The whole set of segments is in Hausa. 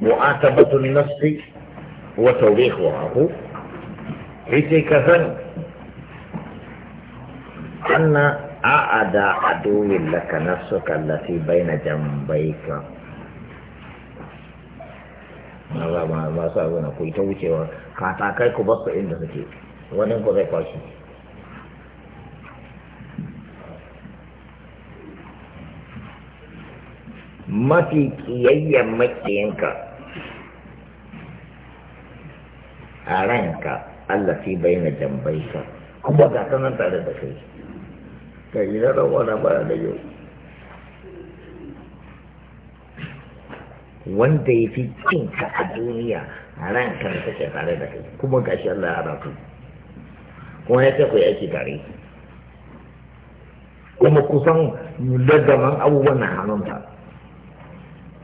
mu'atabatu nafsi wa tawbihuha ko yace ka san anna a'ada aduwin laka nafsuka allati baina Allah ma ba sa gona ku ita wucewa kai ku basu inda suke wani ku zai kwashi mafi kiyayyen makiyanka a ranka Allah fi bayyana ka kuma ga sanan tare da kai yi. na rawa na bara da yau wanda ya fi ka a duniya a ranka da take tare da kai kuma shi Allah ya rafu kuma ya ce ku aiki tare kuma kusan ladaman abubuwan na hannunta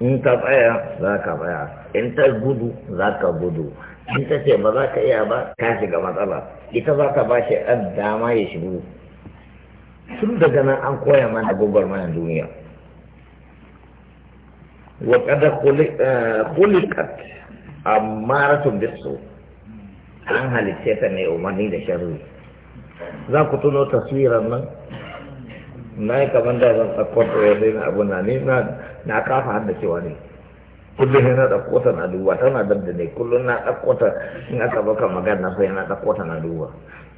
in ta tsaya za ka tsaya in ta gudu za ka gudu in ta ce ba za ka iya ba ta shiga matsala ita za ta ba shi ɗan dama ya shigo tun daga nan an koya mana gobar mana duniya wa kada kulikat eh, amma rasun bisu an halitta ta ne umarni da sharri za ku tuno taswirar nan na yi kamar da zan tsakkwata ya zai na abu na ni na kafa hannu cewa ne kullum yana na ɗauko ta na duba tana dab da ne kullum na ɗauko kwata, in aka baka magana sai na ɗauko kwata na duba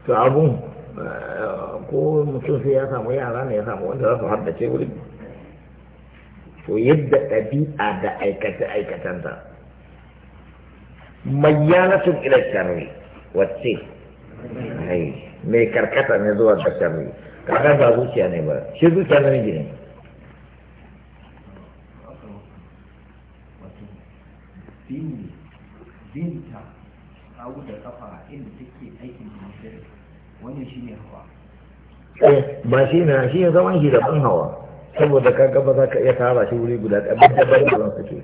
to abun eh, ko mutum sai ya samu yara ne ya samu wanda za su haddace wuri to yadda ɗabi'a da aikace aikatanta tun ila sharri wacce mai karkata ne zuwa ga sharri karkata zuciya ne ba shi zuciya namiji ne bin binta kawo da kafa inda take aikin mutum wannan shi ne hawa eh, ba shi ne shi ne zaman shi ban hawa saboda ka gaba za ka iya tara shi wuri guda ɗaya daban daban suke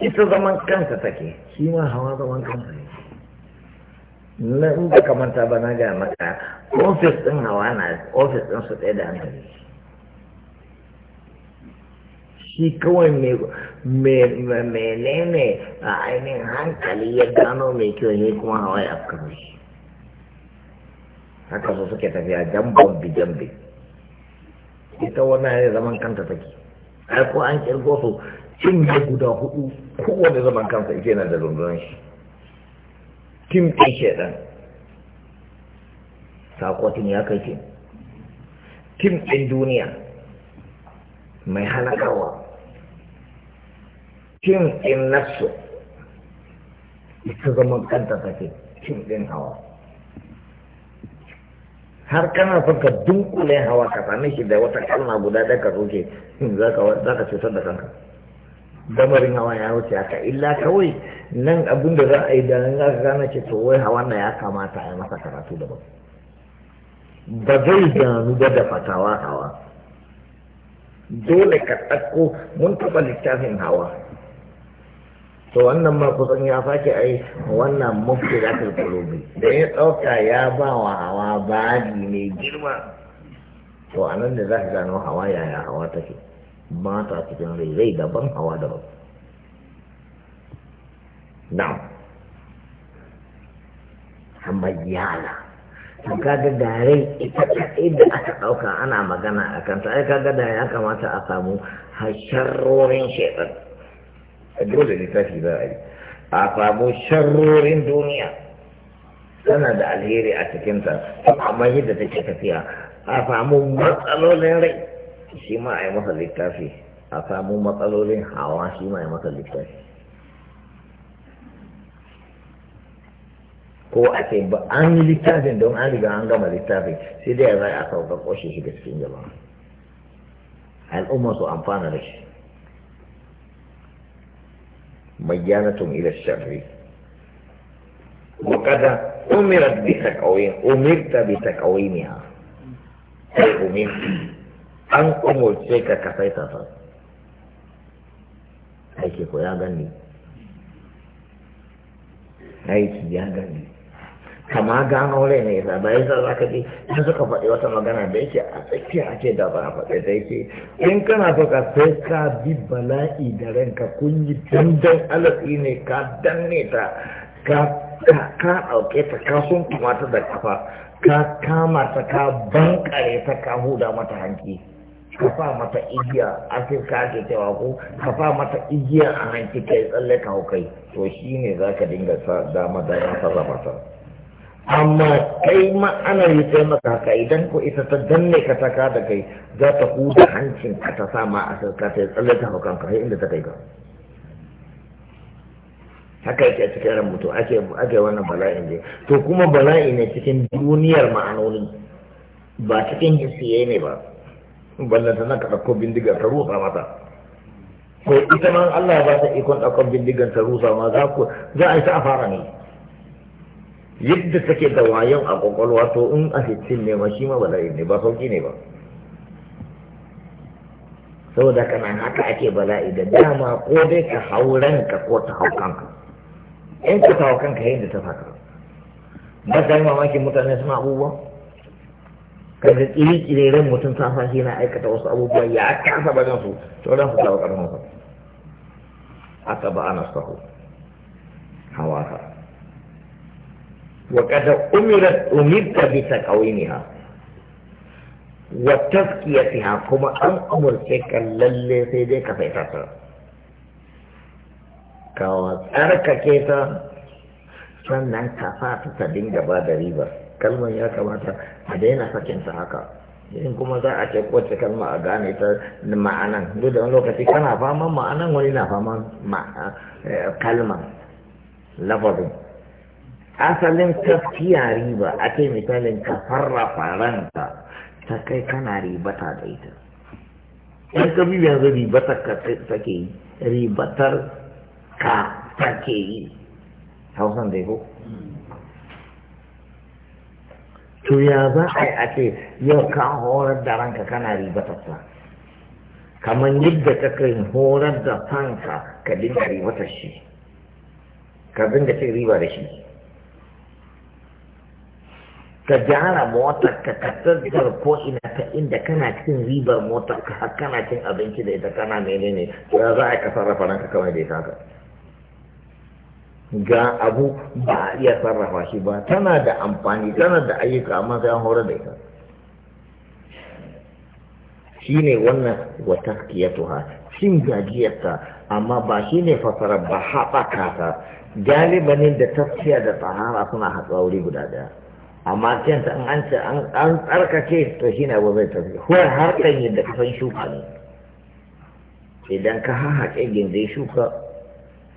ita zaman kansa take shi ma hawa zaman kansa ne na in ba kamanta ba na ga maka ofis ɗin hawa na ofis ɗin su ɗaya da hankali shi kawai ne a ainihin hankali ya gano mai kyau ne kuma hawa ya afkar shi haka su suke tafiya jambon bi jambi ita wannan ne zaman kanta take ai ko an kirgo su cin ya guda hudu kowane zaman kansa ita yana da rundunan shi tim ɗin shaɗan sakotin ya kai tim tim ɗin duniya mai halakawa. kin in nafsu ita zaman kanta take kin din hawa har kana son ka dunkule hawa ka same shi da wata kalma guda da ka roke hmm, za ka cutar da kanka damarin hawa ya wuce haka illa kawai nan abin da za a yi da nan za ka gane ce to wai hawa na ya kamata a yi masa karatu daban ba zai gano ba da fatawa hawa dole ka ɗauko mun taɓa littafin hawa to wannan ma kusan ya sake ai wannan mafi za ta kulobi da ya tsauka ya ba wa hawa babi ne girma to a nan da za ka gano hawa yaya hawa take ba ta cikin rairai daban hawa daban na hamayyala to kaga da rai ita kaɗai da aka ɗauka ana magana a kanta ai kaga da ya kamata a samu hasharorin shekaru الجزء اللي فات الباقي أقرب شرور دنيا أنا دع الهيري أتكنت طبعا ما يجد تشك فيها أفهم مطل لري سماع مطل الكافي أفهم مطل لري حوا سماع مطل الكافي هو أتب أن الكافي دون أن يجعنهم الكافي سيدي أذى أخذ بقوشي شكس فين جلال الأمة أنفانا لشي bayyanatun إلى الشر وقد أمرت بتكوين أمرت بتكوينها أي أمرت أن أمرت شيك كفيتها aiki ko ya gani aiki يا غني kama gano rai ne da bai za za ka ji in suka faɗi wata magana da yake a tsakiya ake da ba a faɗi da yake in kana so ka sai ka bi bala'i da ranka kun yi dandan alatsi ne ka danne ta ka ɗauke ta ka sun ta da kafa ka kama ta ka bankare ta ka huda mata hanki ka fa mata igiya a sai ka cewa ko ka fa mata igiya a hanki kai tsalle ka hukai to shine za ka dinga sa dama da ya fara mata. amma kai ma ana yi sai maka ka idan ko ita ta danne ka ta da kai za ta huda hancin ka ta sama a sarka ta tsalle ta kanka sai inda ta kai ka haka yake a cikin ran mutu ake ake wannan bala'in ne to kuma bala'i ne cikin duniyar ma'anoni ba cikin hisiye ne ba ballanta na ka ɗauko bindiga ka rusa mata ko ita ma Allah ba ta ikon ɗaukar bindigan ta rusa ma za ku za a yi ta fara ne yadda take da wayan a kwakwalwa to in a fitin ne ma shi ma ba ne ba sauki ne ba saboda kana haka ake bala'i da dama ko dai ka hauren ka ko ta hau kanka in ka ta hau kanka yadda ta faka ba ta yi mamakin mutane suna abubuwa ka ga kiri-kiriren mutum ta fashi na aikata wasu abubuwa ya kasa bajan su to ran su kawo karfin sa aka ba ana sahu hawa وقد أمرت أمرت بتكوينها وتزكيتها كما أن أمر فيك للي سيديك ka كواترك كيتا sannan ka sa ta ta dinga ba da riba kalmar ya kamata a daina sakin ta haka in kuma za a ce wacce kalma a gane ta ma'anan duk da wani lokaci kana faman ma'anan wani na faman eh, kalman lafazin asalin tafiya riba a ce misalin ka farrafa ranka ta kai kana ribata da ita in ka bi yanzu ribatar ka take yi ribatar ka take yi hausan da ko to ya za a yi ake yau ka horar da ranka kana ribatar ta kamar yadda ka kai horar da fanka ka dinga ribatar shi ka dinga cin riba da shi ka gyara motar ka ka tsarkar ko ina ta inda kana cin ribar motar ka har kana cin abinci da ita kana menene to za a yi ka sarrafa ka kawai da ita ka ga abu ba a iya sarrafa shi ba tana da amfani tana da ayyuka amma sai yan horar da ita Shi ne wannan wa taskiyatuha cin gajiyarta amma ba shi ne fasara ba haɓaka ta galibanin da tafiya da tsahara suna hatsa wuri guda daya amma cin ta an ce an tsarkake to shi ne abu zai tafi har harkar yadda ka san shuka ne idan ka hahaƙe zai shuka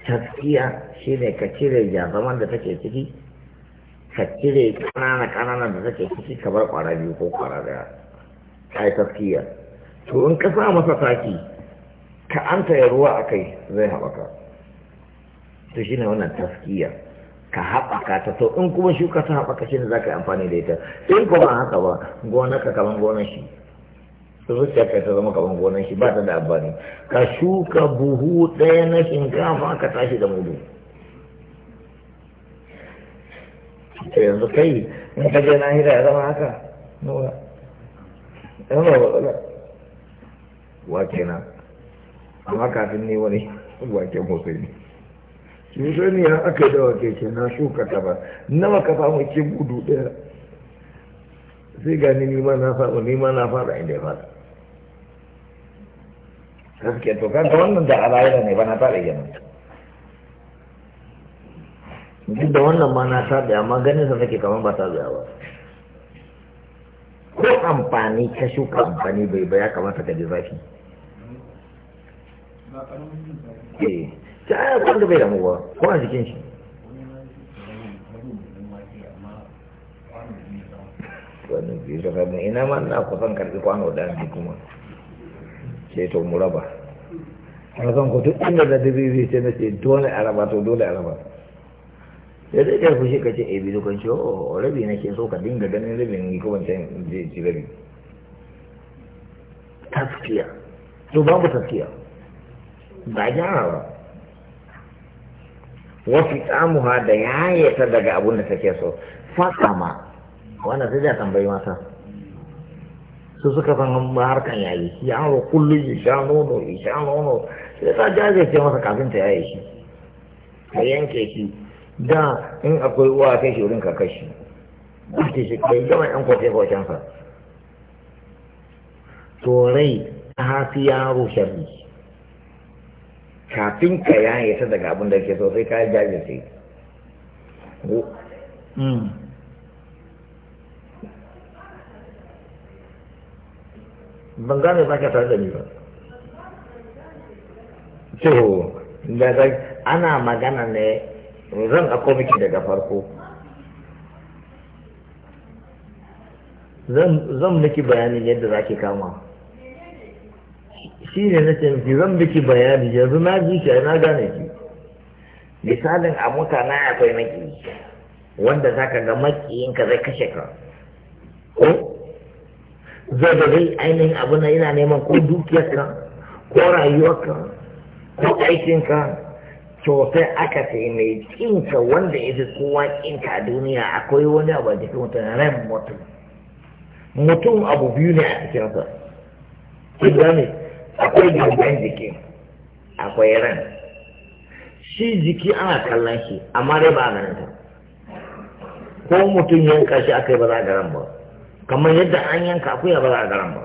taskiya shi ne ka cire jazaman da take ciki ka cire ƙanana ƙanana da take ciki ka bar ƙwara biyu ko ƙwara daya kai yi taskiya to in ka sa masa taki ka anta ya ruwa a kai zai haɓaka to shi ne wannan taskiya ka haɓaka ta to in kuma shuka ta haɓaka shi ne za ka yi amfani da ita in kuma haka ba ka kaman gonar shi zuciyarka ta zama kaman gonar shi ba ta da amfani ka shuka buhu ɗaya na shinkafa ka tashi da mudu yanzu kai in ka je nahira ya zama haka nuna ya zama wa na amma kafin ne wani wake ne shi ya aka yi dawa keke na shuka ta ba nawa ka samu ke gudu ɗaya sai gani nima na samu nima na fara inda ya fara gaske to kanta wannan da alayira ne ba na fara yana duk da wannan ma na tabi amma ganin sa nake kamar ba tabi ba ko amfani ka shuka amfani bai ba ya kamata ka ji zafi eh. ta aya da bai damu ba ko a jikin shi wani biyu da kanu ina ma na kusan karbi kwano da an kuma sai to mu raba kasan ku duk inda da dubi zai ce na ce dole a raba to dole a raba sai dai kai fushi ka ce eh bi dukan ce o oh, rabi na ke so ka dinga ganin rabin ni ko wancan je ji rabi taskiya to babu taskiya ba gyara ba wasu tsamuwa da yayata daga abun da take so fasama wannan sai da tambayi mata su suka san harkan yayi hau kullum ya sha nono ya sha nono sai ta jaje ce masa kafin ta yayi shi ka yanke shi da in akwai uwa kai shi wurin kakar shi ake shi kai gama yan kwace kwacensa to rai ta hafi yaro sharri kafin ka yaye ta daga abin da ke so sai ka jajirce hmm. ban gane ba ka tare da ni ba to da ana magana ne zan a miki daga farko zan miki bayanin yadda za ki kama shi ne na miki zan biki bayani yanzu na ji ki na gane ki misalin a mutane akwai maki wanda za ka ga ka zai kashe ka ko zai da zai ainihin abu na yana neman ko dukiyarka ko rayuwarka ko aikinka to sai aka sai mai kinka wanda ya fi kowa kinka a duniya akwai wani abu a jikin mutum ran mutum mutum abu biyu ne a cikinsa kin gane akwai gangan jiki akwai ran shi jiki ana kallon shi amma dai ba a ganin ta ko mutum yanka shi akai ba za a garan ba kamar yadda an yanka akuya ba za a garan ba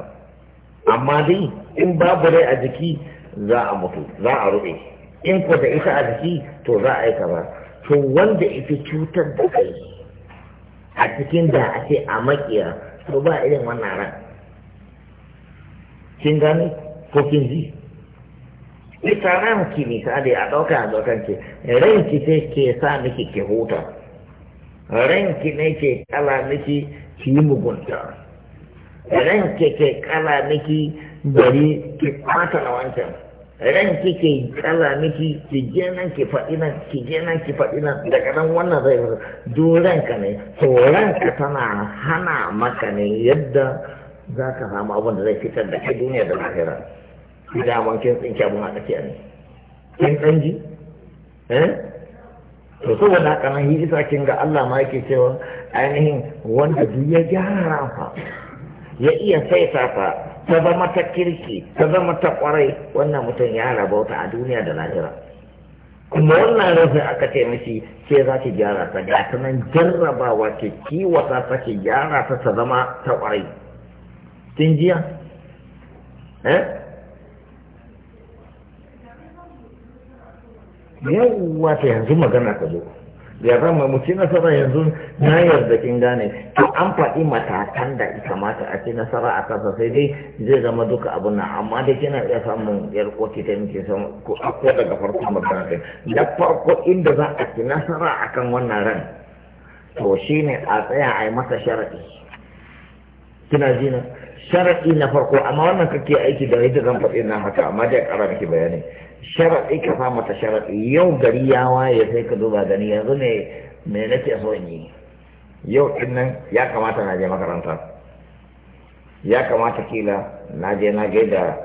amma dai in babu rai a jiki za a mutu za a rube in ko da ita a jiki to za a yi kaza to wanda ita cutar da kai a cikin da a ce a makiya to ba irin wannan ran kin gane ko kin ji ita ranki misali a ɗauka a ɗaukan ki ranki ce ke sa miki ki huta ranki ne ke kala miki ki yi mugunta ranki ke kala miki bari ki kwata na wancan ranki ke kala miki ki je nan ki faɗi nan ki je nan ki faɗi nan daga nan wannan zai mutu duk ranka ne to ranka tana hana maka ne yadda za ka samu abin da zai fitar da ke duniya da lahira. daman kin tsinke abun a tsakiya ne kin ɗanji eh? to saboda haka nan yi isa kin ga Allah ma yake cewa ainihin wanda duk ya gyara fa ya iya saita fa ta zama ta kirki ta zama ta kwarai wannan mutum ya rabauta a duniya da lahira kuma wannan rufin aka ce mishi sai za ki gyara ta ga ta nan jarrabawa ke kiwata ta ke gyara ta ta zama ta kwarai kin jiya eh yawwa ta yanzu magana ta zo ya zama mu ci nasara yanzu na yarda kin gane to an faɗi matakan da kamata a ci nasara a kasa sai dai zai zama duka abu na amma da kina iya samun yar koki ta muke samu ko daga farko magana ta da farko inda za a ci nasara akan wannan ran to shi ne a tsaya a yi masa sharaɗi kina ji na sharaɗi na farko amma wannan kake aiki da yadda zan faɗi na haka amma dai ƙara miki bayani sharaɗi ka sa mata sharaɗi yau gari ya waye sai ka duba gani yanzu ne me nake so in yi yau ɗin nan ya kamata na je makaranta ya kamata kila na je na gaida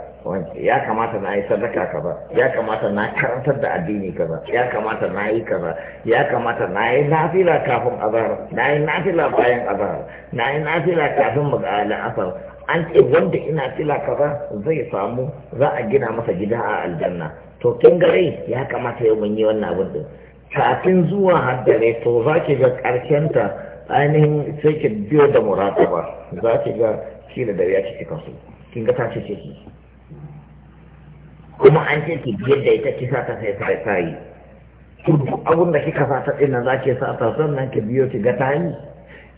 ya kamata na yi sadaka kaza ya kamata na karantar da addini kaza ya kamata na yi kaza ya kamata na yi nafila kafin azhar na yi nafila bayan azhar na yi nafila kafin magana asar an ce wanda ina fila kaza zai samu za a gina masa gida a aljanna to kin gare ya kamata yau mun yi wannan abin din kafin zuwa haddare to za ki ga karshen ta ainihin sai ki biyo da ba za ki ga shi da dare ya cikin kin ga ta ce ce ki kuma an ce ki biyar da ita kisa ta sai sai sai abun da kika sa ta nan za ki sa ta sannan ki biyo ki ga ta yi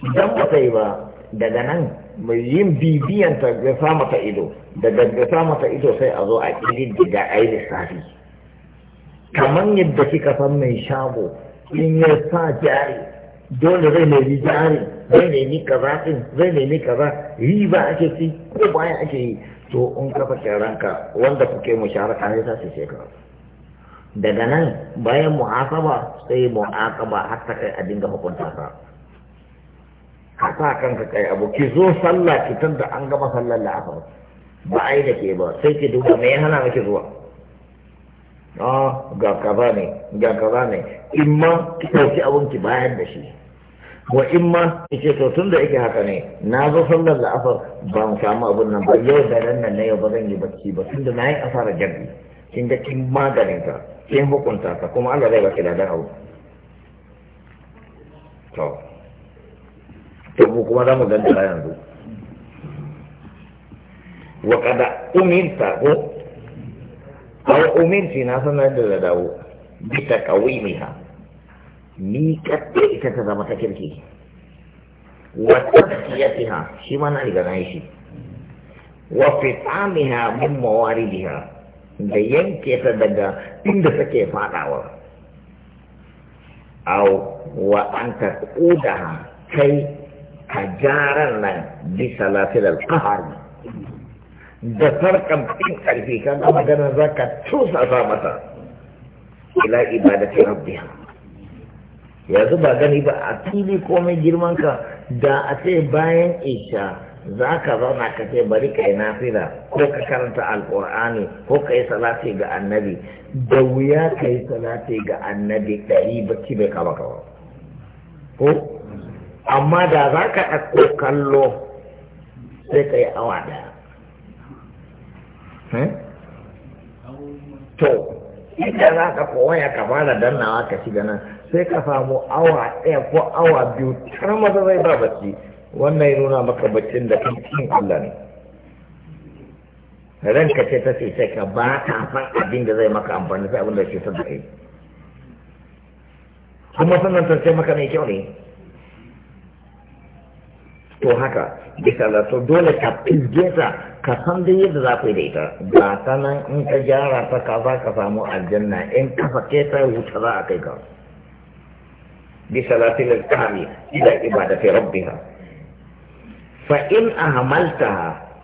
idan ba ta yi ba daga nan yin bibiyan ta ga sa ta ido daga ga sa mata ido sai a zo a ƙididdiga a yi lissafi kamar yadda kika san mai shago in ya sa jari dole zai nemi jari zai nemi kaza din zai nemi kaza riba ake ci ko baya ake yi to in kafa ranka wanda kuke musharaka ne za su shekara daga nan bayan mu'asaba sai mu'asaba har ta kai a dinga hukunta ka ka sa kanka kai abu ki zo sallah ki tunda an gama sallar la'asar ba a yi da ke ba sai ki duba me ya hana miki zuwa ah, ga kaza ne ga kaza ne in ma ki ɗauki abun ki bayar da shi wa in ma ce to tun da yake haka ne na zo sallar da asar ban samu abun nan ba yau da nan nan yau ba zan yi bacci ba tun da na yi asarar jabi kin ga kin maganin ta kin hukunta ta kuma Allah zai baki da dan abu to to eh, mu kuma za mu ganta yanzu wa kada uminta ko aw uminti na sanar da dawo bi ha? ni kadda ita ta zama ta kirki wa ha shi ma na riga na shi wa fitamiha min mawaridiha da yanke ta daga inda take fadawa aw wa an ta kai a jaran nan bisa lafiyar kahar da farkan fin karfi kan ga magana za ka tusa sa mata ila ibadati rabbiha yanzu ba gani ba a fili komai girman ka da a ce bayan isha za ka zauna ka ce bari ka yi nafila ko ka karanta alƙur'ani ko ka yi salati ga annabi da wuya ka yi salati ga annabi ɗari bacci bai kama ba ko amma da za ka ɗauko kallo sai ka yi awa ɗaya eh? to inda za ka ya ka fara dannawa ka shiga nan sai ka samu awa ɗaya ko awa biyu har maza zai ba bacci wannan ya nuna maka baccin da kan cin Allah ne ranka ce ta sai ka ba ta san abin da zai maka amfani sai abin da ke son da kai kuma sannan ta ce maka mai kyau ne to haka bisa da to dole ka fizge ta ka san dai yadda za ku yi da ita ba ta nan in ka gyara ta ka za ka samu aljanna in ka fake ta wuta za a kai ka bisa da tilal kami ila ibadati rabbiha fa in ahmalta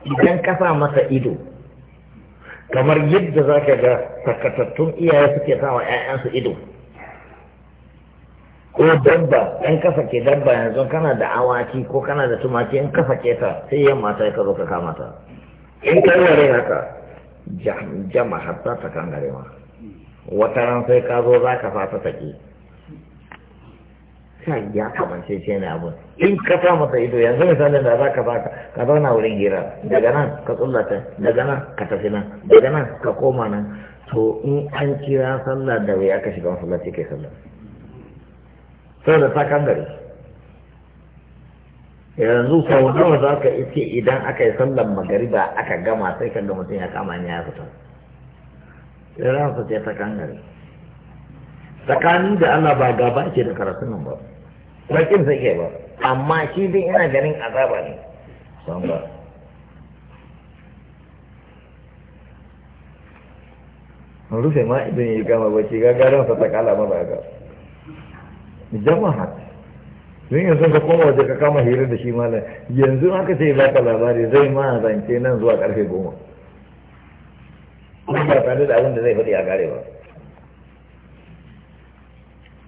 idan ka sa masa ido kamar yadda za ka ga takatattun iyaye suke sa wa 'ya'yansu ido ko dabba ɗan kasa ke dabba yanzu kana da awaki ko kana da tumaki in kasa ke ta sai yamma ta ka zo ka kama ta in ka ware haka jama hatta ta kan gare ma wata ran sai ka zo za ka fata take sai ya kamance ce ne abu in ka sa mata ido yanzu misalin da za ka fata ka zauna wurin gira daga nan ka tsullata daga nan ka tafi nan daga nan ka koma nan to in an kira sallah da wai aka shiga masallaci kai sallah sau da sakan gari yanzu sau nawa za ka iske idan aka yi sallan magariba aka gama sai kan da mutum ya kama ni ya fita ran su ce sakan gari tsakani da Allah ba gaba ke da karatun nan ba bakin sa ke ba amma shi din ina ganin azaba ne san ba rufe ma idan yi gama ba ce gagarin sa ta kala ma ba gaba jama'a don yanzu ka koma waje ka kama hira da shi malam yanzu haka ce ba ka labari zai ma zance nan zuwa karfe goma kuma ba tare da abin da zai faɗi a gare ba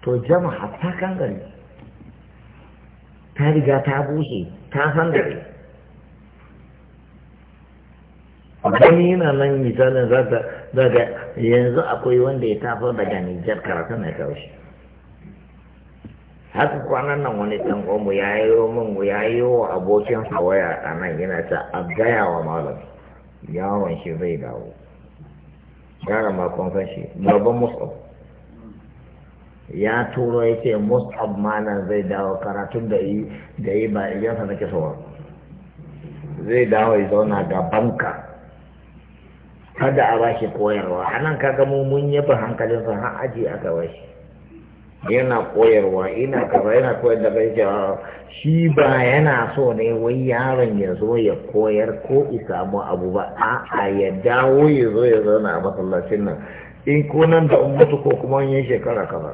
to jama'a ta kan gari ta riga ta bushe ta san gari wani yana nan misalin za ta yanzu akwai wanda ya tafi daga nijar karatu na kawo shi haka kwanan nan wani ɗan mu ya yi mu ya yi wa abokin waya a nan yana ta a gaya wa malam yawon shi zai dawo gara makon fashi babban musab ya turo ya ce musab malam zai dawo karatun da yi da yi ba sa nake so zai dawo ya zauna banka kada a bashi koyarwa anan kaga mu mun yaba hankalinsa har aji aka bashi yana koyarwa ina kaza yana koyar da kai shi ba yana so ne wai yaron ya zo ya koyar ko mu abu ba a'a ya dawo ya zo ya zauna a masallacin nan in ko nan da in mutu ko kuma yin shekara kaza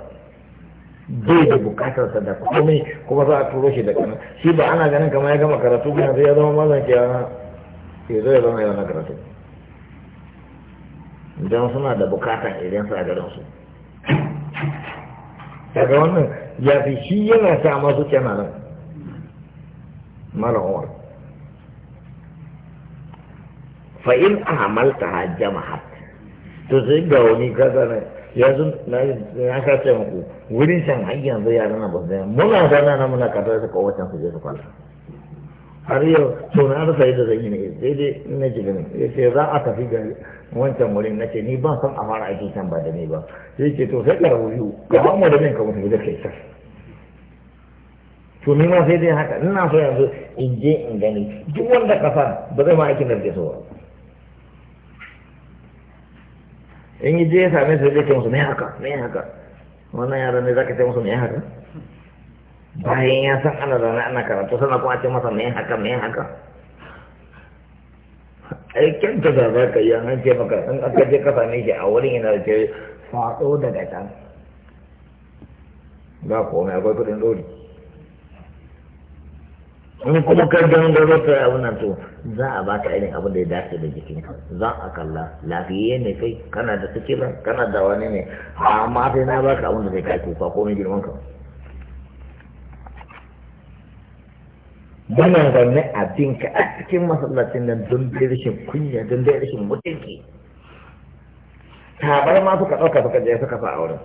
bai da bukatarsa da komai kuma za a turo shi da kana shi ba ana ganin kamar ya gama karatu ba yanzu ya zama mazan yana ya zo ya zama yana karatu don suna da bukatar idan sa a garin su daga wannan ya fi shi yana sa masu kenanan mara umar fa'in a hamalta ha jama'a to sai ga wani kasa ne yanzu na kasa muku wurin shan hanyar zai yaran na ba muna zana na muna kasar su kawacan su je su kwallon ariyo yau to na rasa yadda zan yi ne sai dai na ji gani ya ce za a tafi ga wancan wurin na ce ni ba san a fara aiki can ba da ni ba sai ce to sai ka rabu biyu ka mu da min ka mutu da kai sai to ni ma sai dai haka ina so yanzu in je in gani duk wanda ka sa ba zai ma aiki da ke so ba in yi je ya same su zai ce musu me haka me haka wannan yaran ne za ka ce musu me haka bayan ya san ana zaune ana karatu sana kuma ce masa mai haka mai haka aikin ta da za ka yi an ce maka in aka je ka same shi a wurin yana da ce faɗo daga can ba komai akwai kuɗin ɗori in kuma ka gangaro ta abu nan to za a baka irin abin da ya dace da jikinka za a kalla lafiyayye ne kai kana da sikila kana da wani ne amma sai na baka abin da zai kai kuka komai girman ka muna zaune a binka a cikin masallacin nan don dai rashin kunya don dai rashin mutunci tabar ma suka ɗauka suka je suka fa a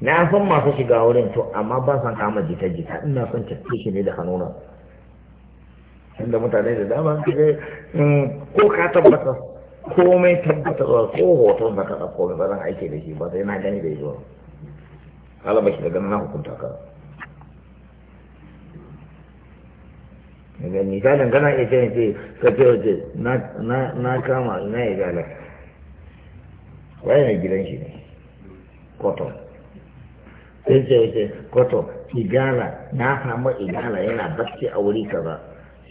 na san masu shiga wurin to amma ba san kama jita-jita ina son tafi shi ne da hannuna inda mutane da dama ko ka tabbata komai tabbata ko hoton da ka ɗauko ba zan aike da shi ba sai na gani da yi zuwa ba shi daga na hukunta ka daga misalin kana iya ce ce sake waje na kama na ya gala waye mai gidan shi ne koton sai ce wace koton igala na samu igala yana bacci a wuri kaza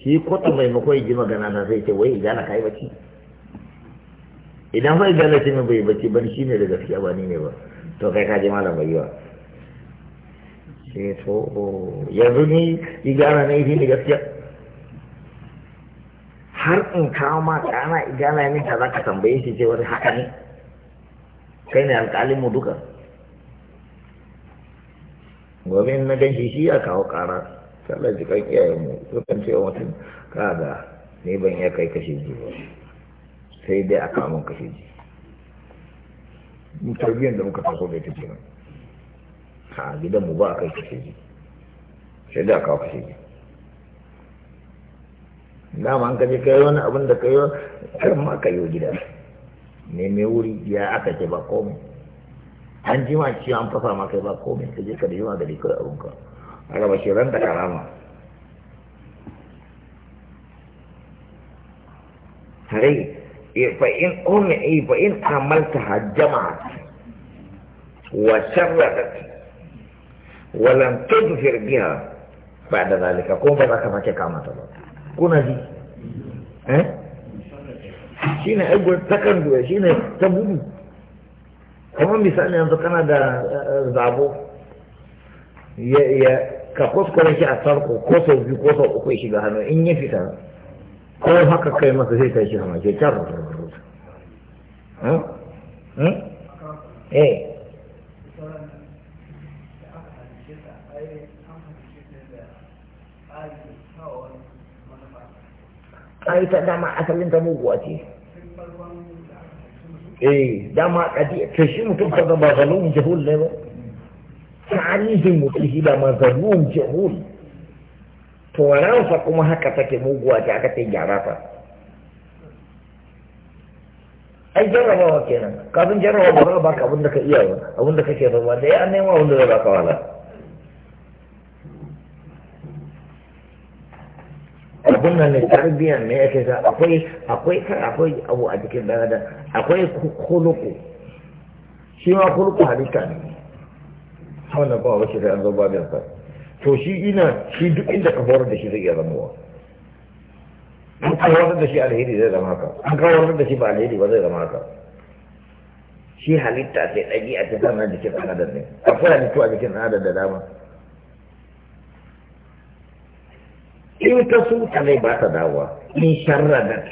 shi koton maimakon ji magana na sai ce wai igala ka yi bacci idan fa igala ce mai bai bacci ban shi ne da gaskiya ba ni ne ba to kai ka je malam bai yiwa sai to yanzu ni igala ne shi ne gaskiya har in kawo ma kana igana ne ta za ka tambaye shi wani haka ne kai ne alƙalin mu duka gobe na gan shi shi ya kawo ƙara sallar jikan iyayenmu sukan ce wa mutum kaga ne ban iya kai kashe ji ba sai dai a kawo min kashe ji tarbiyyar da muka taso da ita ha a mu ba a kai kashe ji sai dai a kawo kashe ji dama an ka je kai wani abin da kai kan ma ka yi gida neme wuri ya aka ce ba komai an ji ma ciwo an fasa ma kai ba komai ka je ka da yawa gari kai abin ka a raba shi ran da karama hare fa in ummi fa in amalta hajjama wa sharradat ولم تظفر بها بعد ذلك قوم بذلك فكك عمت الله kuna ji eh shi ne aibuwar takan duwa shi ne ta gudu kamar misali yanzu kana da eh, eh, zabo ya ka kuskure shi a sarko ko sau biyu ko sau uku shiga hannu in ya fita ko haka kai masa zai tashi hannu ke can eh, eh? dama ta dama asalin ta muguwa ce eh dama kadi ta shi mutum ta zama zalum jahul ne ba tarihin mutum shi dama zalum jahul to ransa kuma haka take muguwa ce aka ta gyara ta ai jarrabawa kenan kafin jarrabawa ba za a baka abin da ka iya ba abin da kake zama da ya nema abin da zai baka wala abin nan ne tarbiyyar ne yake sa akwai akwai kai akwai abu a cikin dan adam akwai kuluku shi ma kuluku halitta ne wannan ba wace da an zo babin sa to shi ina shi duk inda ka horar da shi zai iya zamowa an kawar da shi alheri zai zama haka an kawar da shi ba alheri ba zai zama haka shi halitta sai dagi a cikin dan adam ne akwai halittu a cikin dan adam da dama in ta suta ne ba ta dawowa in sharradat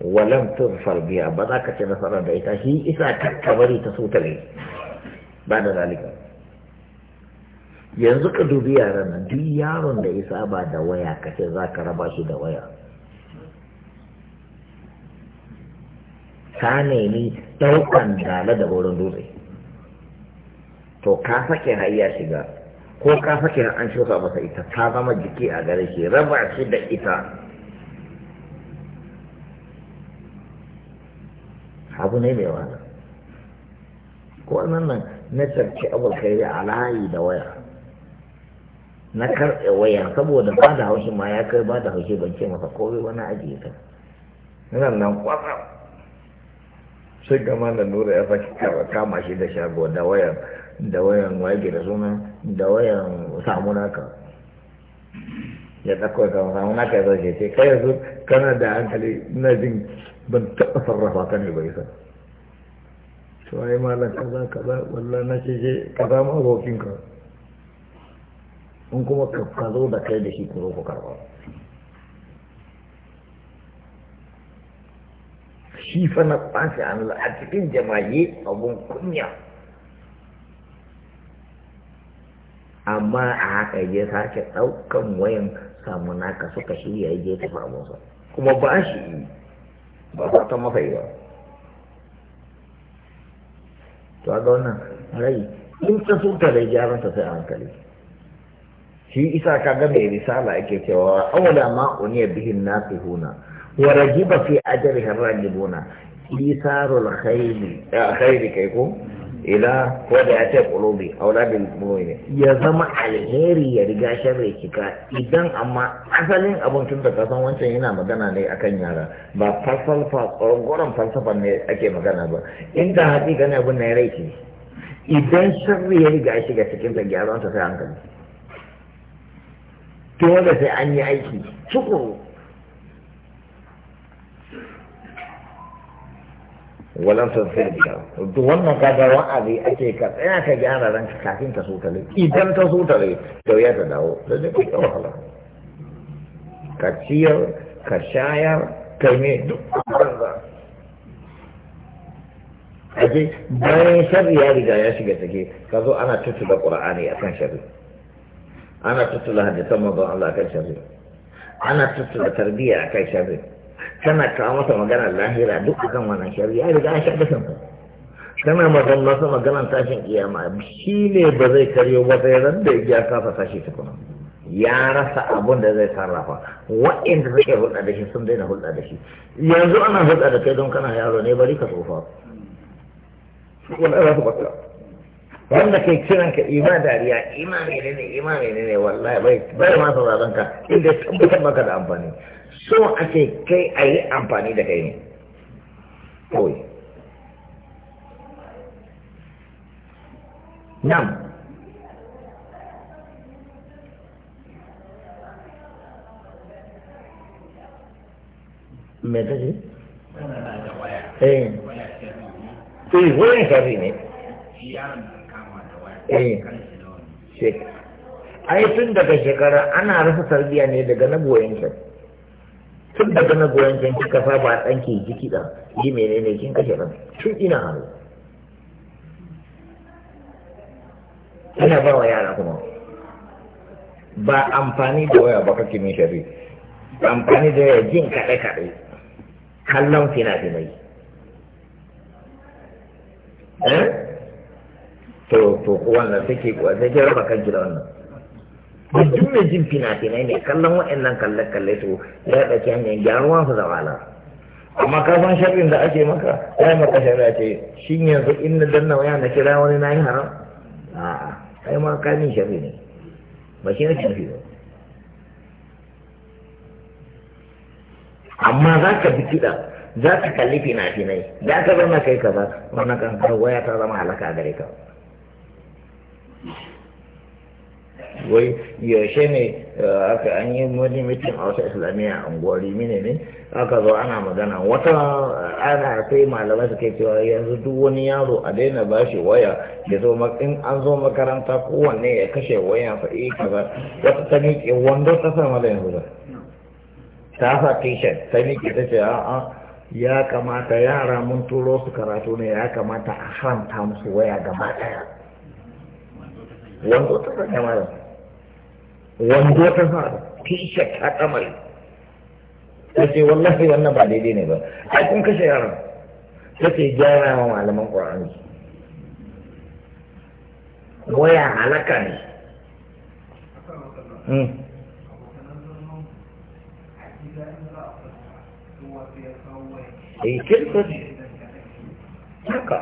walam tun biya ba za ka ci nasara da ita shi isa ka bari ta suta ne ba da zalika yanzu ka dubi yaran nan duk yaron da isa ba da waya ka ce za ka raba shi da waya ka nemi ɗaukan dala da wurin dutse to ka sake hayya shiga ko ka sake an shuka masa ita ta zama jiki a gare shi raba shi da ita abu ne mai wani ko nan nan na sarki abul kairi a layi da waya na karɓe waya saboda ba da haushi ma ya kai ba da haushi ban ce masa kowai wani ajiye ta nan nan kwatsam sai gama da nura ya sake kama shi da shago da wayar da wayan wage da sunan da wayan samunaka ya ɗauko da samunaka ya zace ce kai yanzu kana da hankali na jin ban taɓa sarrafa ka ne bai sa to ai malam kaza kaza walla na ce ce kaza ma abokinka in kuma ka zo da kai da shi ku zo ku karɓa shi fa na ƙwace a cikin jama'i abun kunya amma a haka ya sake ɗaukan wayan samu naka suka shirya ya je tafi abunsa kuma ba shi ba ta masa yi ba to a ga wannan rai in ta suka da gyaran ta sai a hankali shi isa ka ga mai risala ake cewa awala ma uniya bihin huna wa rajiba fi ajrihi rajibuna isarul khairi eh, khairi kai ko ila ko da ya ce kulubi aula bil mu'mini ya zama alheri ya riga sharri kika idan amma asalin abun tun da kasan wancan yana magana ne akan yara ba falsafa tsoron falsafa ne ake magana ba inda haɗi gane abun na ya idan sharri ya riga shiga cikin ta gyaran ta sai hankali to wanda sai an yi aiki tukuru walan sun sai biya duk wannan kaga wa'azi ake ka tsaya ka gyara ranka kafin ka so tare idan ka so tare to ya ta dawo da ne ka wahala ka ciyar ka shayar ka me duk banza aje bayan sharri ya riga ya shiga take ka zo ana tutula qur'ani akan shari'a. ana tuttula hadisan manzon Allah kan shari'a. ana tuttula tarbiyya a kan shari'a. kana kawo masa maganar lahira duk kan wannan shari'a ya riga ya kan ku kana magana masa maganar tashin kiyama shi ne ba zai karyo ba sai ran da ya kafa ta kuma ya rasa abun da zai sarrafa wa'inda suke hulɗa da shi sun daina hulɗa da shi yanzu ana hulɗa da kai don kana yaro ne bari ka tsofa wanda za su baka wanda kai kiran ka ima dariya ima ne ne ima ne ne wallahi bai bai ma sauraron ka inda tabbatar maka da amfani so ake kai a yi amfani da kai ne kawai nan eh wani ne eh, eh. tun daga shekara ana rasa tarbiyya ne daga na goyon shafi tun da na goyon can kika saba ɗanki jiki ɗan yi menene kin kashe nan, tun ina hannu ana ba wa yara kuma ba amfani da waya ba kake min shari amfani da waya jin kaɗe-kaɗe kallon fina-finai eh? to to wannan take kuwa sai ke raba kan gida wannan ba duk mai jin fina-finai ne kallon wa'annan kalle-kalle to ya ɗauki hanyar gyaruwa su zamana amma kafin sharrin da ake maka ya yi maka shari'a ce shi yanzu in na danna waya na kira wani na yi haram a'a kai ma ka min sharri ne ba shi na kirfi ba amma za ka bi kiɗa za ka kalli fina-finai za ka zama kai kaza wannan kan waya ta zama halaka gare ka wai yaushe ne eh, aka an yi wani mitin a wata islamiyya a unguwari mine ne aka zo ana magana wata eh, ana sai malamai suke cewa yanzu duk wani yaro a daina ba shi waya ya zo in an zo makaranta kowanne ya kashe waya fa eh kaza wata ta miƙe wando ta sa mala yanzu ta sa t ta miƙe ta ce a'a ya kamata yara mun turo su karatu ne ya kamata a haramta musu waya gaba ɗaya wando ta sanya mala wando ta sa t-shirt ta kamar. ta ce wallahi wannan ba daidai ne ba ai kun kashe yaran ta ce gyara wa malaman ƙwararri waya halaka ne hmm. eh ne. haka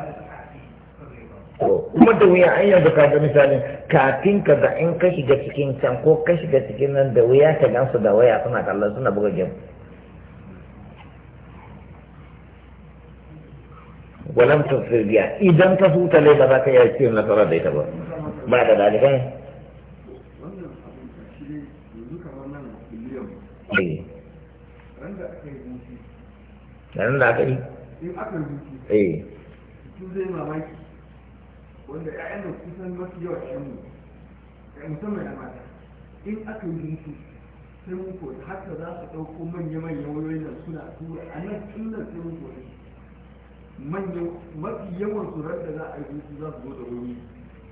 kuma da wuya an yanzu ga misalin kafin ka da in ka shiga cikin can ko ka shiga cikin nan da wuya ka gansu da waya suna kallon suna buga gem walam tafsir biya idan ka huta lai ba za ka yi cikin nasarar da ita ba ba da dalibai da eh. nan da aka yi eh zai mamaki wanda ƴaƴan da kusan mafi yawa shi ne musamman ya mata in aka yi mutu sai mun koyi haka za su ɗauko manya manya wani nan suna tura a nan tun nan sai mun koyi manya mafi yawan su da za a yi musu za su zo da wuri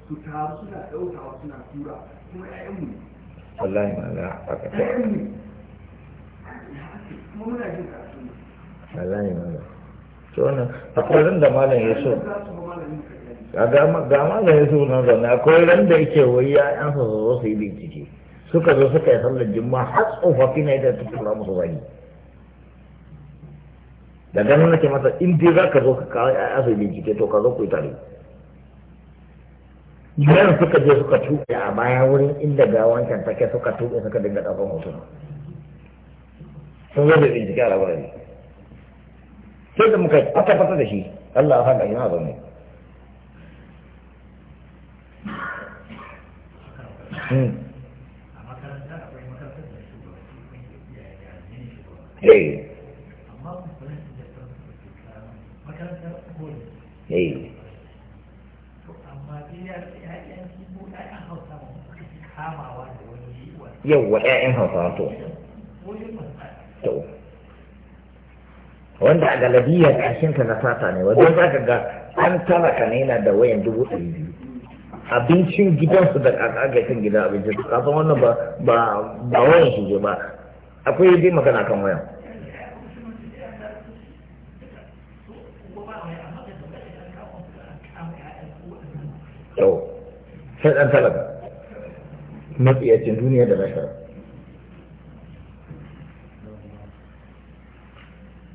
su taru suna ɗaukawa suna tura kuma ƴaƴanmu ne wallahi ma za a faɗa ƴaƴanmu ne kuma muna jin karatu ne wallahi ma za to wannan akwai da malam ya so ga maganin su suna zaune akwai randa da yake wai ya yan sa zo su yi bincike suka zo suka yi sallar juma'a har tsofaffi na yadda suka kula musu zagi da ganin nake masa in dai za ka zo ka kawo ya su bincike to ka zo ku yi tare yan suka je suka tuɓe a baya wurin inda ga wancan take suka tuɓe suka dinga ɗaukar hotuna sun zo da bincike a labarai sai da muka fata-fata da shi Allah ya haka ina zaune Hmm. eh, eh. ƴaƴan hausawa to to wanda a galabiyar ƙashinka na fata ne wajen za ka ga an talaka ne na da wayan dubu ɗari biyu abincin gidansu da kakakakin gida abincin su kasan wannan ba ba ba wayan shi je ba akwai dai magana kan wayan yau sai dan talaka matsiyacin duniya da rashar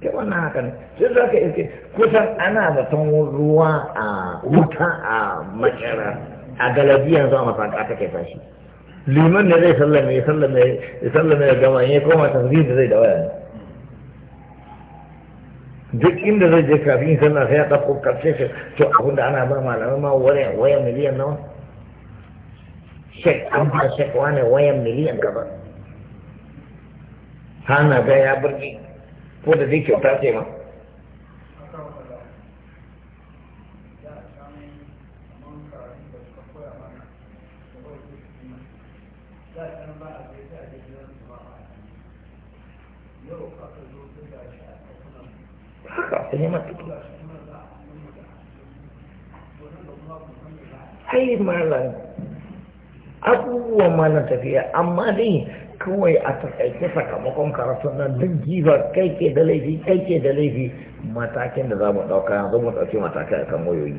ta wannan hakan sai za ka iske kusan ana zaton ruwa a wuta a makera a galabi yanzu a masaka take tashi liman ne zai sallame ya sallame ya sallame ya gama ya koma tasbih da zai da waya duk inda zai je kafin sallah sai ya dauko karshe shi to abinda ana ba malamai ma wayan waya miliyan nawa shek an ba shek wane waya miliyan gaba hana ga ya burge ko da zai kyauta ce ma ta neman fitila ai malam abubuwan tafiya amma dai kawai a takaice sakamakon karatu na duk jiba kai ke da laifi kai ke da laifi matakin da za mu ɗauka yanzu mu ɗauki matakai akan wayoyi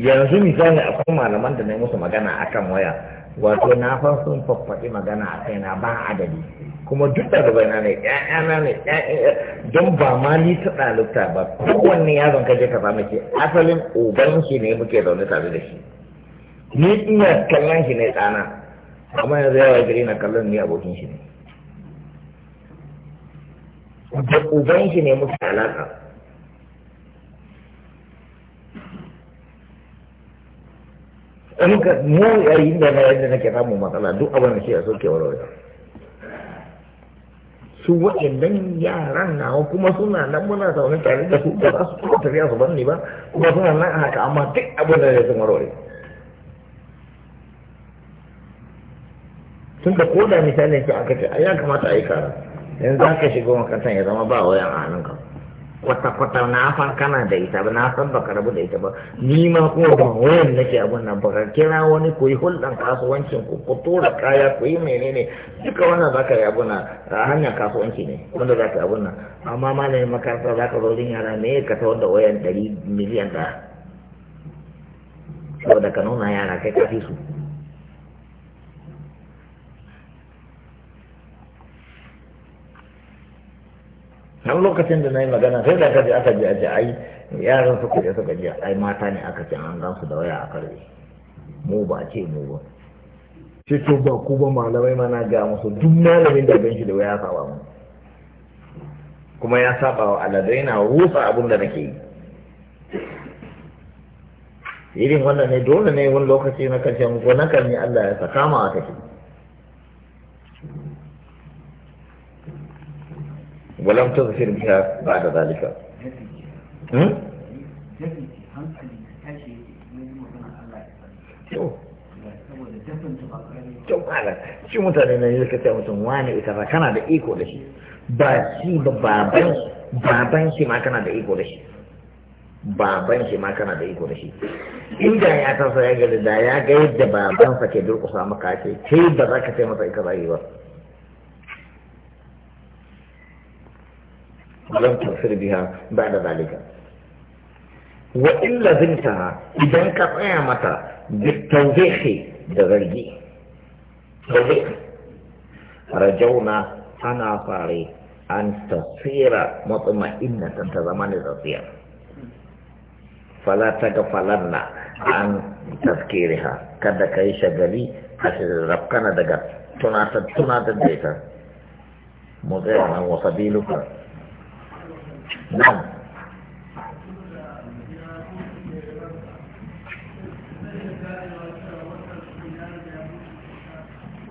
yanzu misali akwai malaman da na yi musu magana akan waya wato na fa sun faffaɗi magana a kaina ba adadi kuma duk ɗalibaina ne ƴaƴana ne eh, don ba ma ni ta ɗalibta ba kowanne yaron ka je ka samu ke asalin uban shi ne muke zaune tare da shi ni ina kallon shi ne ɗana amma yanzu yawa gari na kallon ni abokin shi ne da uban shi ne muke alaƙa mu yayin da na yadda nake samun matsala duk abin da shi a soke wajen su waɗannan yaran nawa kuma suna nan muna zaune tare da su ba za su kuma tafiya su ni ba kuma suna nan a haka amma duk abin da ya sun warware tun da ko da misalin ki aka ce ya kamata a yi kara yanzu za ka shiga makarantar ya zama ba wayan a hannunka kwata-kwata na san kana da ita ba na san baka rabu da ita ba ni ma kuma ba wayan nake abun nan ba kira wani ko yi hulɗan kasuwancin ku ko tura kaya ko yi menene duka wannan zaka yi abun nan a hanyar kasuwanci ne wanda zaka yi abun nan amma malamin makaranta zaka zo jin yara me ka tawar da wayan ɗari miliyan ɗaya saboda ka nuna yara kai fi su har lokacin da na yi magana sai da kaji aka ji a ji ai yaran su kuɗe suka ji ai mata ne aka ce an gansu da waya a karbe mu ba ce mu ba ce to ba ku ba malamai mana ga musu duk malamin da gan da waya saba mu kuma ya saba wa aladai na rusa abin da nake yi irin wannan ne dole ne wani lokaci na karshen gwanakar na Allah ya saka ma a walam ta zafir biya ba da zalika kyau ala shi mutane na yi suka mutum wani ita ba kana da iko da shi ba shi ba baban baban shi ma kana da iko da shi baban shi ma kana da iko da shi inda ya tasa ya gari da ya ga yadda babansa ke durƙusa maka ce kai ba za ka ce masa ita ba ولم تغفر بها بعد ذلك وإلا لزمتها إذا كقيامة بالتوبيخ بغيري توبيخ رجونا أنا طاري أن تصير مطمئنة أنت زمان تصير فلا تغفلن عن تذكيرها كذا كي قلي حسن ربكنا دقا تناتا تناتا ديتا مغيرنا وسبيلك nan